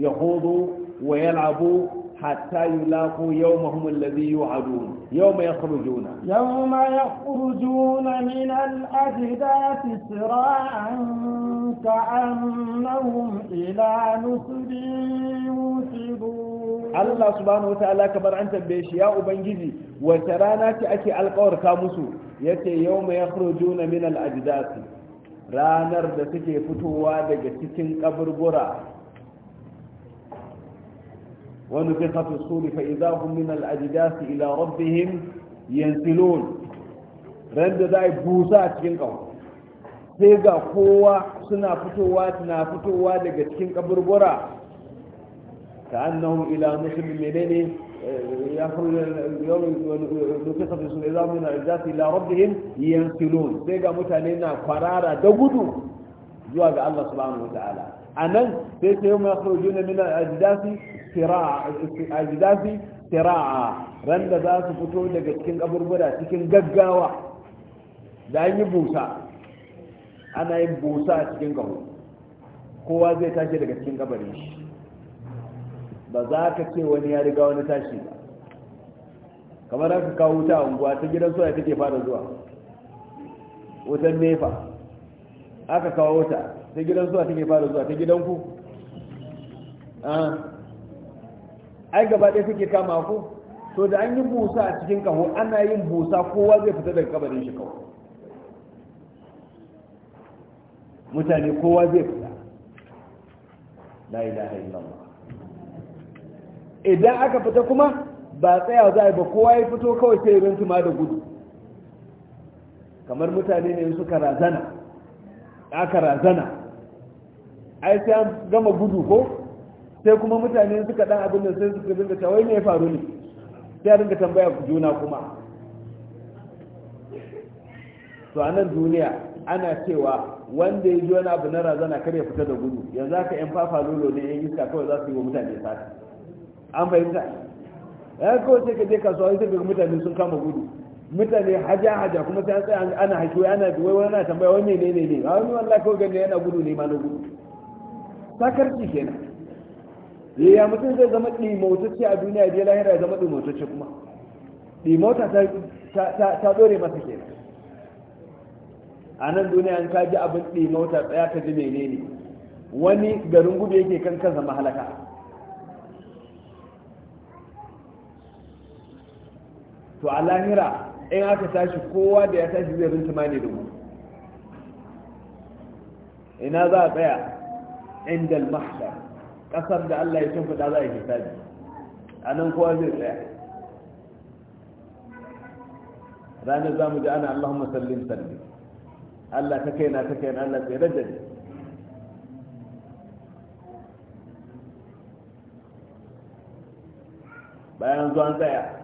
yahudu wa yal'abu hatta yulaqu yawmahum alladhi yu'adun yawma yakhrujuna yawma yakhrujuna min al-ajdathi sira'an ka'annahum ila nusbin yusibun Allah subhanahu wata'ala kamar an tambaye shi ya ubangiji wace rana ce ake alƙawarta musu yace yawma yakhrujuna min al ajdath ranar da suke fitowa daga cikin kaburbura wani fi hafi suri fa idza hum min al ajdath ila rabbihim yansilun ran da za busa cikin kawo sai ga kowa suna fitowa na fitowa daga cikin kaburbura كأنهم إلى نصب منين يخرج اليوم نفخ في الصور إذا من العزات إلى ربهم ينسلون سيقى متانينا فرارا دقدوا جواز الله سبحانه وتعالى أنا سيقى يوم يخرجون من الأجداث سراعا الأجداث سراعا رند ذات فتوه لك تكين أبر برا تكين ققاوة دعين بوسا أنا يبوسا تكين قبر kowa zai tashi daga cikin kabarin shi ba za ka ce wani ya riga wani tashi ba kamar aka kawo wuta a unguwa ta gidan soya take fara zuwa wutan nefa aka kawo wuta ta gidan soya take fara zuwa ta gidan ku ah. ai gaba ɗaya suke kama ku to da an yi busa a cikin kaho ana yin busa kowa zai fita daga kabarin shi kawo mutane kowa zai fita la ilaha illallah idan aka fita kuma ba tsaya za a ba kowa ya fito kawai sai rantsu ma da gudu kamar mutane ne suka razana aka razana ai sai an gama gudu ko sai kuma mutane suka dan abin da sai suka dinga tawai ne ya faru ne sai dinga tambaya juna kuma to a nan duniya ana cewa wanda ya ji wani abu na razana kar ya fita da gudu yanzu aka yan fafa lolo ne yan iska kawai za su yi wa mutane sati. an fahimta ya kawai sai ka je kasuwa sai ga mutane sun kama gudu mutane haja haja kuma sai an tsaya ana haƙiwa ana duwai wani na tambaya wani ne ne ne a wani wani lafi wani yana gudu ne ma na gudu sakarci kenan eh, ya mutum zai zama ɗimautacce a duniya ya lahira ya zama ɗimautacce kuma ɗimauta ta ɗore masa kenan a nan duniya an kaji abin ɗimauta tsaya ta ji menene wani garin gudu yake kan kansa mahalaka to a lahira in aka tashi kowa da ya tashi zai rinta mani da mu ina za a tsaya inda al mahsha kasar da Allah ya shimfiɗa za a yi hisabi a nan kowa zai tsaya ranar za mu ji ana Allahumma sallim sallim Allah ta kaina ta kaina Allah tsere da ni bayan zuwan tsaya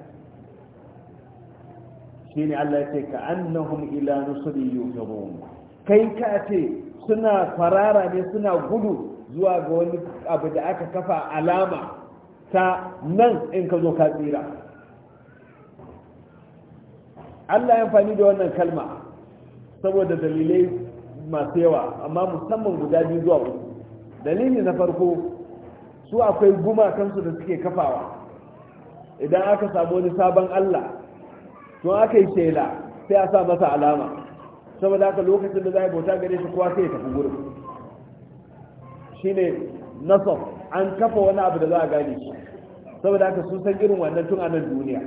shine Allah ya ka annahum ila nusri yuhirun kai ka ce suna farara ne suna gudu zuwa ga wani abu da aka kafa alama ta nan in ka zo ka tsira Allah ya amfani da wannan kalma saboda dalilai masu yawa amma musamman guda biyu zuwa uku dalili na farko su akwai gumakansu da suke kafawa idan aka samu wani sabon Allah to aka yi shela sai a sa masa alama saboda haka lokacin da za a bauta gare shi kowa sai ya tafi gurin ne nasar an kafa wani abu da za a gane shi saboda haka sun san irin wannan tun a nan duniya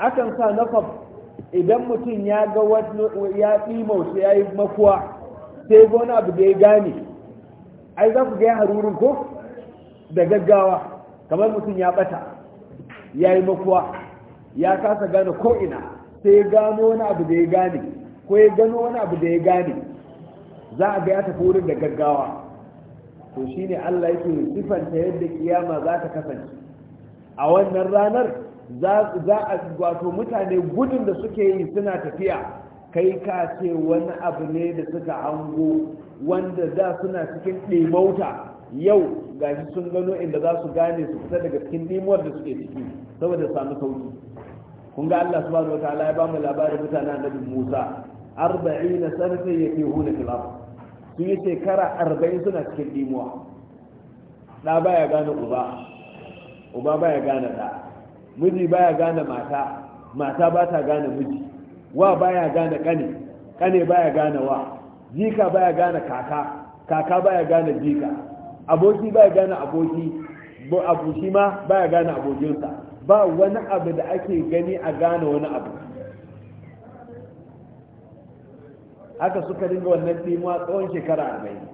akan sa nasar idan mutum ya ga ya ɗimauce ya yi makuwa sai wani abu da ya gane ai za ku ga ya harurin ko da gaggawa kamar mutum ya ɓata ya yi makuwa ya kasa gane ko'ina, sai ya gano wani abu da ya gane ko ya gano wani abu da ya gane za a ga ya tafi wurin da gaggawa to shine Allah yake sifanta yadda kiyama za ta kasance a wannan ranar za a wato mutane gudun da suke yi suna tafiya kai ka ce wani abu ne da suka hango wanda da suna cikin ɗimauta yau gashi sun gano inda za su gane su fita daga cikin nemuwar da suke ciki saboda samu sauki kun ga Allah subhanahu wataala ya bamu labarin mutanen annabi Musa 40 ya yakihuna fil ard sun yi shekara 40 suna cikin dimuwa da baya gane uba uba baya gane da miji baya gane mata mata ba ta gane miji wa baya gane kane kane baya gane wa jika baya gane kaka kaka baya gane jika aboki ba ya gane aboki abu shi ma ya gane abokinsa ba wani abu da ake gani a gane wani abu haka suka dinga wannan tsimuwa tsawon shekara arba'in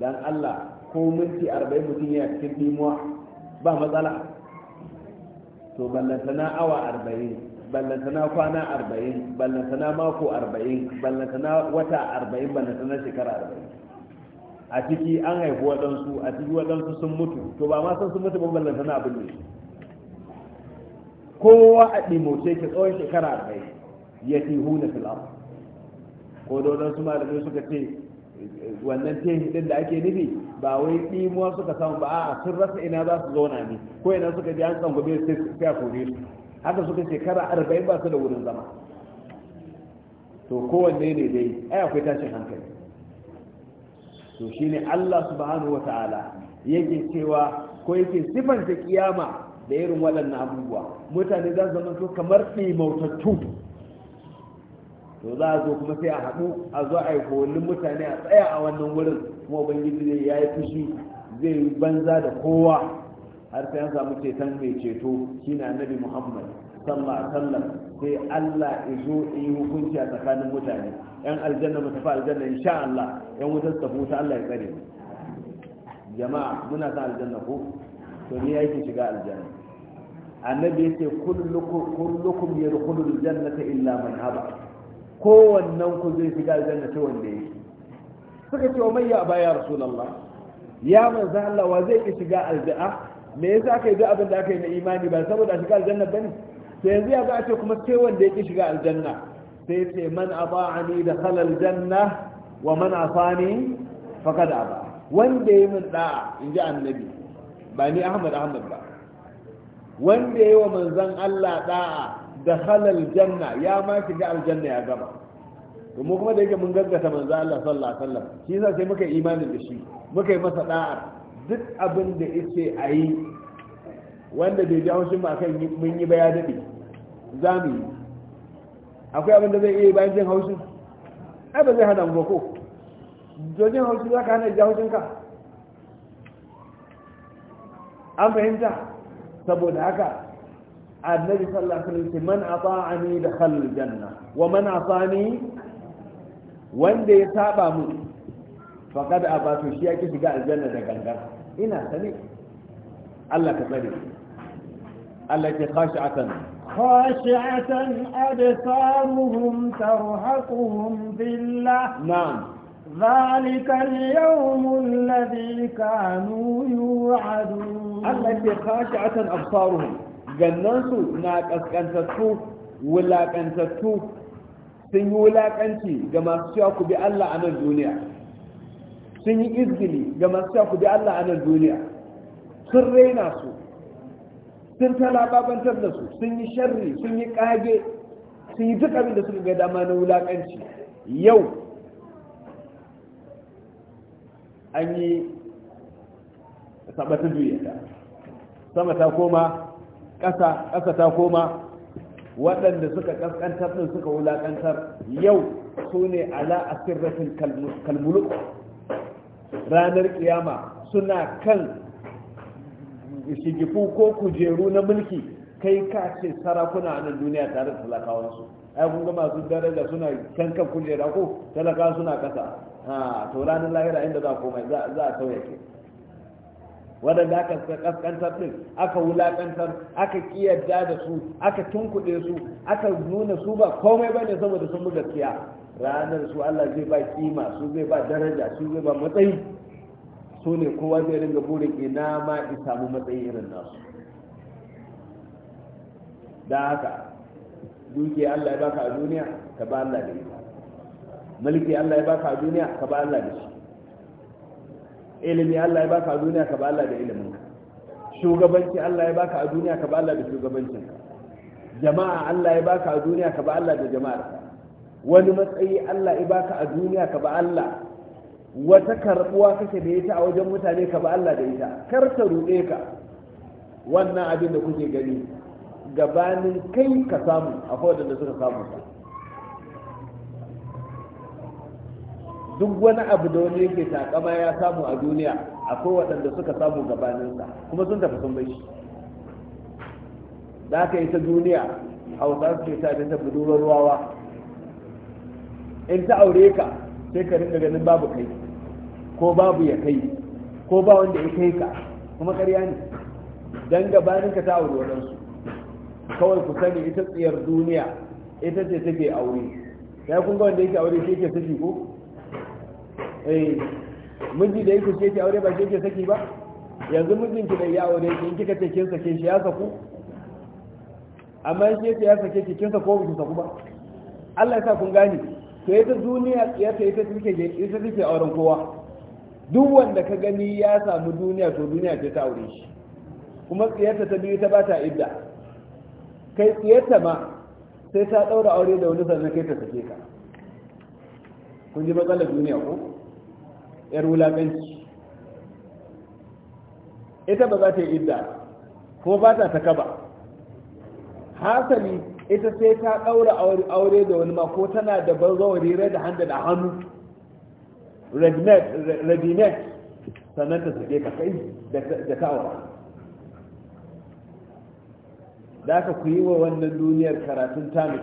don Allah ko minti arba'in mutum ya cikin tsimuwa ba matsala to ballantana awa arba'in ballantana kwana arba'in ballantana mako arba'in ballantana wata arba'in ballantana shekara arba'in a ciki an haifi waɗansu a ciki waɗansu sun mutu to ba ma san sun mutu ba ballanta na abin ne kowa a ɗimoce ke tsawon shekara arba'in ya fi huna fil'am ko da waɗansu malamai suka ce wannan tehi ɗin da ake nufi ba wai ɗimuwa suka samu ba a'a sun rasa ina za su zauna ne ko ina suka ji an tsangwame sai a kore su haka suka shekara arba'in ba su da wurin zama to kowanne ne dai ai akwai tashin hankali to ne Allah subhanahu ta'ala yake cewa ko yake sifanta kiyama da irin waɗannan abubuwa mutane za su zama to kamar ɗimautattu to za a zo kuma sai a haɗu a zo a yi kowallin mutane a tsaya a wannan wurin kuma ubangiji zai ya yi fushi zai yi banza da kowa har sai an samu ceton mai ceto shine annabi muhammad sallallahu alaihi wasallam sai Allah ya zo yi hukunci a tsakanin mutane yan aljanna mu tafi aljanna insha Allah yan wutar tafi wuta Allah ya tsare jama'a muna san aljanna ko to ni yake shiga aljanna annabi yace kullukum kullukum yadkhulul jannata illa man haba kowannen ku zai shiga aljanna ta wanda yake suka ce wa mayya abaya rasulullah ya manzo Allah wa zai ki shiga aljanna ah, me yasa kai ga abin da aka yi na imani ba saboda shiga aljanna bane sai yanzu ya za a ce kuma sai wanda ya ki shiga aljanna sai ce man aba'ani da halal janna wa man afani faqad aba wanda ya min da'a in ji annabi ba ni ahmad ahmad ba wanda ya yi wa manzon Allah da'a da halal janna ya ma shiga aljanna ya gaba kuma kuma da yake mun gaggata manzo Allah sallallahu alaihi wasallam shi yasa sai muka imani da shi muka yi masa da'a duk abin da a ayi wanda bai ji haushin ba kan mun yi baya dade za yi akwai abin da zai iya bayan jin haushin ai ba zai hana mu ba ko jojin haushi za ka hana ji haushinka an fahimta saboda haka annabi sallallahu alaihi wasallam man ata'ani da khalil janna wa man asani wanda ya saba mu faqad abatu shi yake shiga aljanna da gangan ina sani Allah ka tsare Allah ke khashi'atan khashi'atan absaruhum tarhaquhum billah na'am ذلك اليوم الذي كانوا يوعدون التي خاشعة أبصارهم جننسوا ناقص كنتتو ولا كنتتو sun yi wulaƙanci ga masu cewa Allah a nan duniya sun yi izgili ga masu cewa Allah a nan duniya sun raina su sun talababantar da su sun yi sharri sun yi kage sun yi duk abin da suka ga dama na wulakanci yau an yi sabata duyata sama ta koma ƙasa ƙasa ta koma waɗanda suka ƙasƙantar ɗin suka wulaƙantar yau su ne ala sirrafin kalmuluk ranar ƙiyama suna kan shigifu ko kujeru na mulki kai ka ce sarakuna a nan duniya tare da talakawansu ai kun ga masu daraja suna kan kan kujera ko talaka suna kasa ha to ranar lahira inda za komai za a sauya ke waɗanda aka kaskantar din aka wulakantar aka kiyarda da su aka tunkuɗe su aka nuna su ba komai bane saboda sun mu gaskiya ranar su Allah zai ba kima su zai ba daraja su zai ba matsayi su ne kowa zai ringa burin ina ma in samu matsayi irin nasu da haka dukiya Allah ya baka a duniya ka ba Allah da ita mulki Allah ya baka a duniya ka ba Allah da shi ilimi Allah ya baka a duniya ka ba Allah da ilimin ka shugabanci Allah ya baka a duniya ka ba Allah da shugabancin ka jama'a Allah ya baka a duniya ka ba Allah da jama'ar ka wani matsayi Allah ya baka a duniya ka ba Allah wata karbuwa kake da ita a wajen mutane ka ba Allah da ita kar ta ruɗe ka wannan abin da kuke gani gabanin kai ka samu akwai da suka samu ka duk wani abu da wani yake takama ya samu a duniya akwai waɗanda suka samu gabaninsa kuma sun tafi sun bai da aka yi ta duniya hausa suke ta ta budurwar wawa in ta aure ka sai ka rinka ganin babu kai ko babu ya kai ko ba wanda ya kai ka kuma ƙarya ne don gabanin ka ta aure waɗansu kawai ku sani ita tsiyar duniya ita ce take aure sai kun ga wanda yake aure shi yake saki ko eh miji da yake shi yake aure ba shi yake saki ba yanzu ki da ya aure in kika ce kin sake shi ya saku amma shi yake ya sake ki kin sako ba ki saku ba Allah ya sa kun gane yi ita duniya tsiyarta ita take ita take auren kowa duk wanda ka gani ya samu duniya to duniya ce ta aure shi kuma tsiyarta ta biyu ta ba ta idda kai tsiyarta ma sai ta daura aure da wani sannan kai ta sake ka kun ji matsalar duniya ko yar wulaƙanci ita ba za ta yi idda ko ba ta saka ba hasali ita sai ta ɗaura aure da wani mako tana da bazawari da hand da hannu ready sannan ta suke ka kai da ta da aka ku yi wa wannan duniyar karatun tamil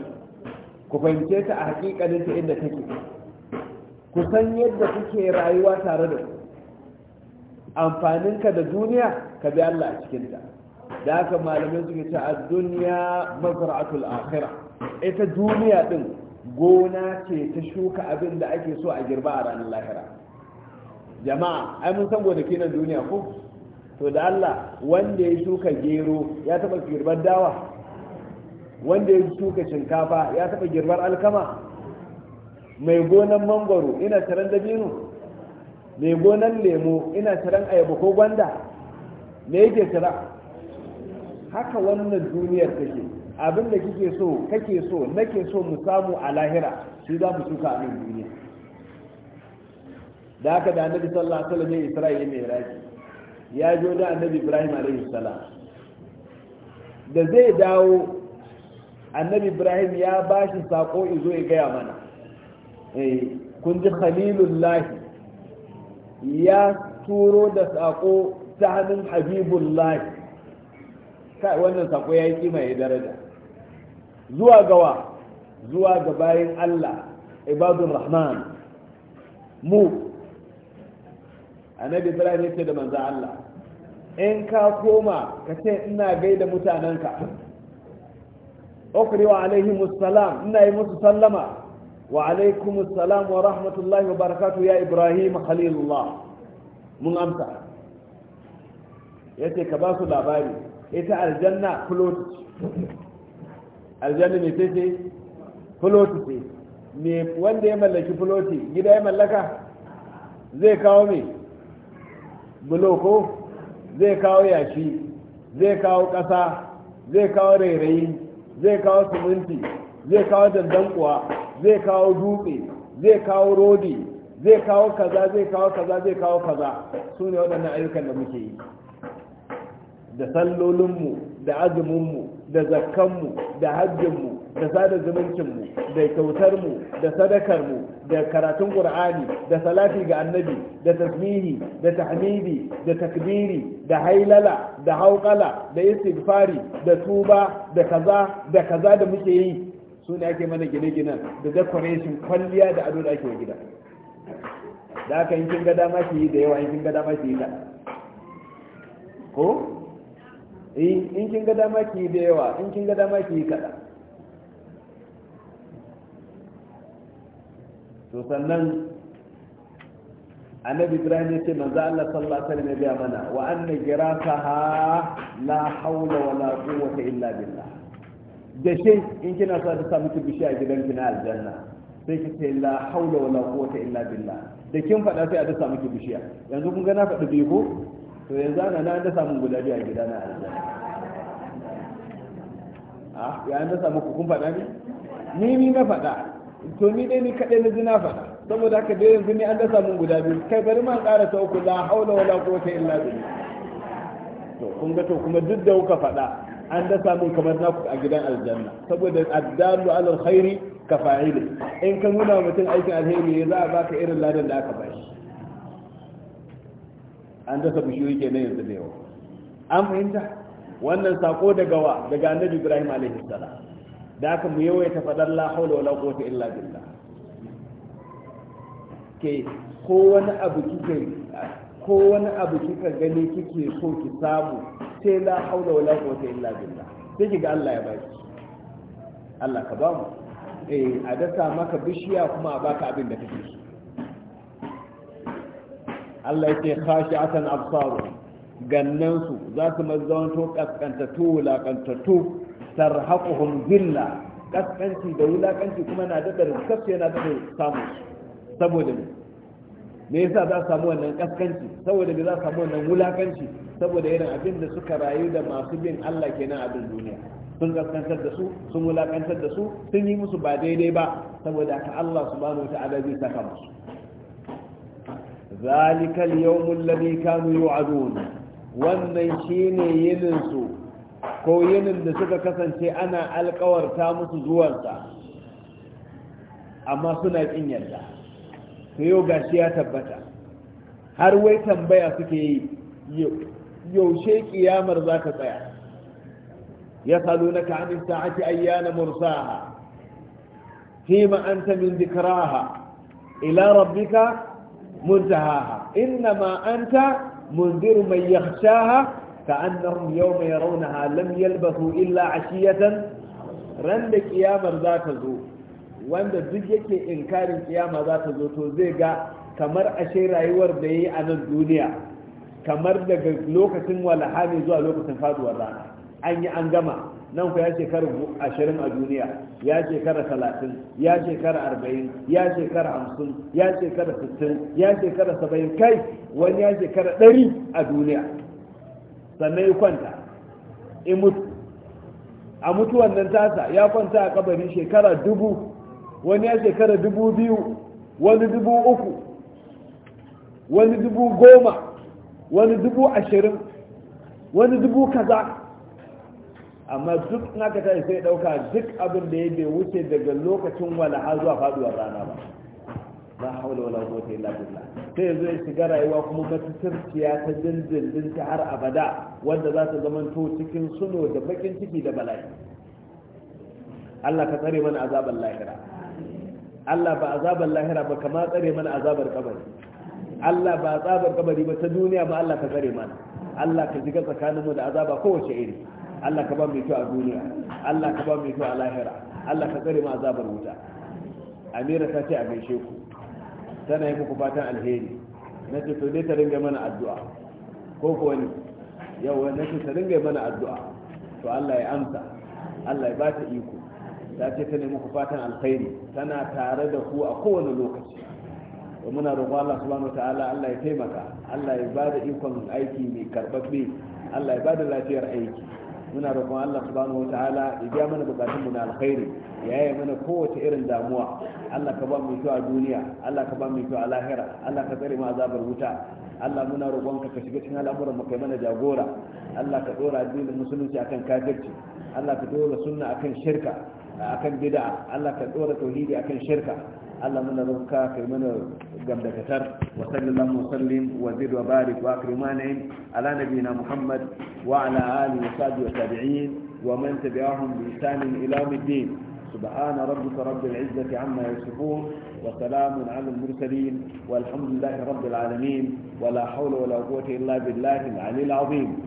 ku fahimce ta a hakikanin ta inda take ku san yadda kuke rayuwa tare da ku amfaninka da duniya ka bi Allah a cikinta da haka malamai suke ce a duniya mazra'atul akhirah ita duniya din gona ce ta shuka abin da ake so a girba a ranar lahira jama'a ai mun san gonaki na duniya ko to da Allah wanda ya shuka gero ya taba girbar dawa wanda ya shuka shinkafa ya taba girbar alkama mai gonan mangwaro ina taron dabino mai gonan lemo ina taran ayaba ko gwanda me yake tara haka wannan duniyar take abin da kike so kake so nake so mu samu a lahira shi za mu shuka a nan duniya da haka da annabi sallallahu alaihi wasallam ya isra'ila mai raji ya jo da annabi ibrahim alaihi salam da zai dawo annabi ibrahim ya ba shi sako izo ya gaya mana eh, kun ji khalilullah ya turo da sako ta hannun habibullahi kai wannan sako ya yi kima ya daraja zuwa gawa zuwa ga bayan Allah ibadun rahman mu annabi ibrahim ya ce da manzan Allah in ka koma ka ce ina gaida mutanenka ukriwa alaihimus salam ina yi musu sallama wa alaikumus salam wa rahmatullahi wa barakatuh ya ibrahim khalilullah mun amsa yace ka ba su labari ita aljanna fulot aljanna ne sai ce ce me wanda ya mallaki fuloti gida ya mallaka zai kawo me buloko zai kawo yashi zai kawo ƙasa zai kawo rairayi zai kawo siminti zai kawo dandankuwa zai kawo dutse zai kawo rodi zai kawo kaza zai kawo kaza zai kawo kaza su ne waɗannan ayyukan da muke yi da sallolinmu da azuminmu da zakkanmu da hajjinmu da sada zumuncinmu da kyautarmu da sadakarmu da karatun ƙur'ani da salati ga annabi da tasmihi da tahmidi da takbiri da hailala da hauƙala da istighfari da tuba da kaza da kaza da muke yi su ne ake mana gine-ginen da decoration kwalliya da ado da ake gida da aka yankin gada dama ke yi da yawa yankin gada dama ke yi da ko Eh, in kin ga dama ki yi da yawa in kin ga dama ki yi kaɗan to sannan annabi ibrahim ya ce manzo Allah sallallahu alaihi wasallam ya mana wa anna jirasaha la hawla wa la quwwata illa billah da shi in kina so ta samu ki bishiya gidan na aljanna sai ki ce la hawla wa la quwwata illa billah da kin faɗa sai a ta samu ki bishiya yanzu kun ga na faɗi biyu ko to yanzu ana na da samun guda biyu a gida na aljanna ah ya an da samu kun faɗa ne ni ni na faɗa to ni dai ni kaɗai na ji na faɗa saboda haka dai yanzu ni an da samun guda biyu kai bari ma an ƙara ta uku la haula wala quwwata illa billah to kun ga to kuma duk da kuka faɗa an da mun kamar naku a gidan aljanna saboda addalu ala alkhairi ka in ka nuna mutum aikin alheri za a baka irin ladan da aka bashi an dasa bishiyoyi nan yanzu da an fahimta wannan sako daga wa daga annabi ibrahim alaihi salam da aka mu ta fadar la haula wala quwwata illa billah ke ko wani abu kike ko wani abu kika gani kike so ki samu sai la haula wala quwwata illa billah sai kiga Allah ya baki Allah ka ba mu eh a dasa maka bishiya kuma a baka abin da kake so Allah yake khashi'atan absaru gannansu za su mazzawanto kaskantattu wulakantattu sarhaquhum zilla kaskanci da wulakanci kuma na da kasu yana da samu saboda ne me yasa za su samu wannan kaskanci saboda me za su samu wannan wulakanci saboda irin abin da suka rayu da masu bin Allah kenan a duniya sun kaskantar da su sun wulakantar da su sun yi musu ba daidai ba saboda ka Allah subhanahu wa ta'ala zai saka musu zalikal yawmul ladhi kanu yu'adun wannan shine yinin ko yinin da suka kasance ana alkawarta musu zuwansa amma suna kin yarda to yau gashi ya tabbata har wai tambaya suke yi yaushe ƙiyamar za ka tsaya ya salo na ka'anin sa'ati ayyana mursaha fima ma'anta min dhikraha ila rabbika muntahaha innama anta mundiru man yakhshaha ka'annahum yawma yarawnaha lam yalbathu illa 'ashiyatan randa ƙiyamar za ta zo wanda duk yake inkarin kiyama za ta zo to zai ga kamar ashe rayuwar da yayi a nan duniya kamar daga lokacin walahani zuwa lokacin faduwar rana an yi an gama nan ku ya shekara ashirin a duniya ya shekara talatin ya shekara arba'in ya shekara hamsin ya shekara sittin ya shekara saba'in kai wani ya shekara ɗari a duniya sannan ya kwanta in mutu a mutuwan nan tasa ya kwanta a kabari shekara dubu wani ya shekara dubu biyu wani dubu uku wani dubu goma wani dubu ashirin wani dubu kaza amma duk na ka tashi sai ɗauka duk abin da ya bai wuce daga lokacin wala'a zuwa faduwar rana ba la haula wala quwwata illa billah sai zai shiga rayuwa kuma matutarciya ta dindindin ta har abada wanda za ta zama to cikin suno da bakin ciki da bala'i Allah ka tsare mana azabar lahira Allah ba azabar lahira ba kama tsare mana azabar kabari Allah ba azabar kabari ba ta duniya ba Allah ka tsare mana Allah ka jiga tsakaninmu da azaba kowace iri Allah ka ba mu kyau a duniya Allah ka ba mu kyau a lahira Allah ka tsare mu azabar wuta Amira ta ce a gaishe ku tana yi muku fatan alheri na ce to dai ta ringa mana addu'a ko ko ne yau na ce ta ringa mana addu'a to Allah ya amsa Allah ya ba ta iko ta ce ta ne muku fatan alheri tana tare da ku a kowane lokaci Wa muna roƙo Allah subhanahu ta'ala Allah ya taimaka Allah ya ba da ikon aiki mai karɓaɓɓe Allah ya ba da lafiyar aiki muna roƙon Allah subhanahu wataala ya biya mana bukatun mu na alkhairi ya mana kowace irin damuwa Allah ka ba mu kyau a duniya Allah ka ba mu kyau a lahira Allah ka tsare mu azabar wuta Allah muna roƙon ka shiga cikin al'amuran mu kai mana jagora Allah ka dora addinin musulunci akan kafirci Allah ka dora sunna akan shirka akan bid'a Allah ka dora tauhidi akan shirka Allah muna roƙa kai mana gamdakatar wa sallallahu sallim wa zid wa barik wa akrim anayim ala nabiyina Muhammad wa ala alihi wa sahbihi wa tabi'in wa man tabi'ahum bi ihsan ila yawmiddin subhana rabbika rabbil izzati amma yasifun wa salamun ala al mursalin walhamdulillahi rabbil alamin wa la hawla wa la quwwata illa billahi al aliyyil azim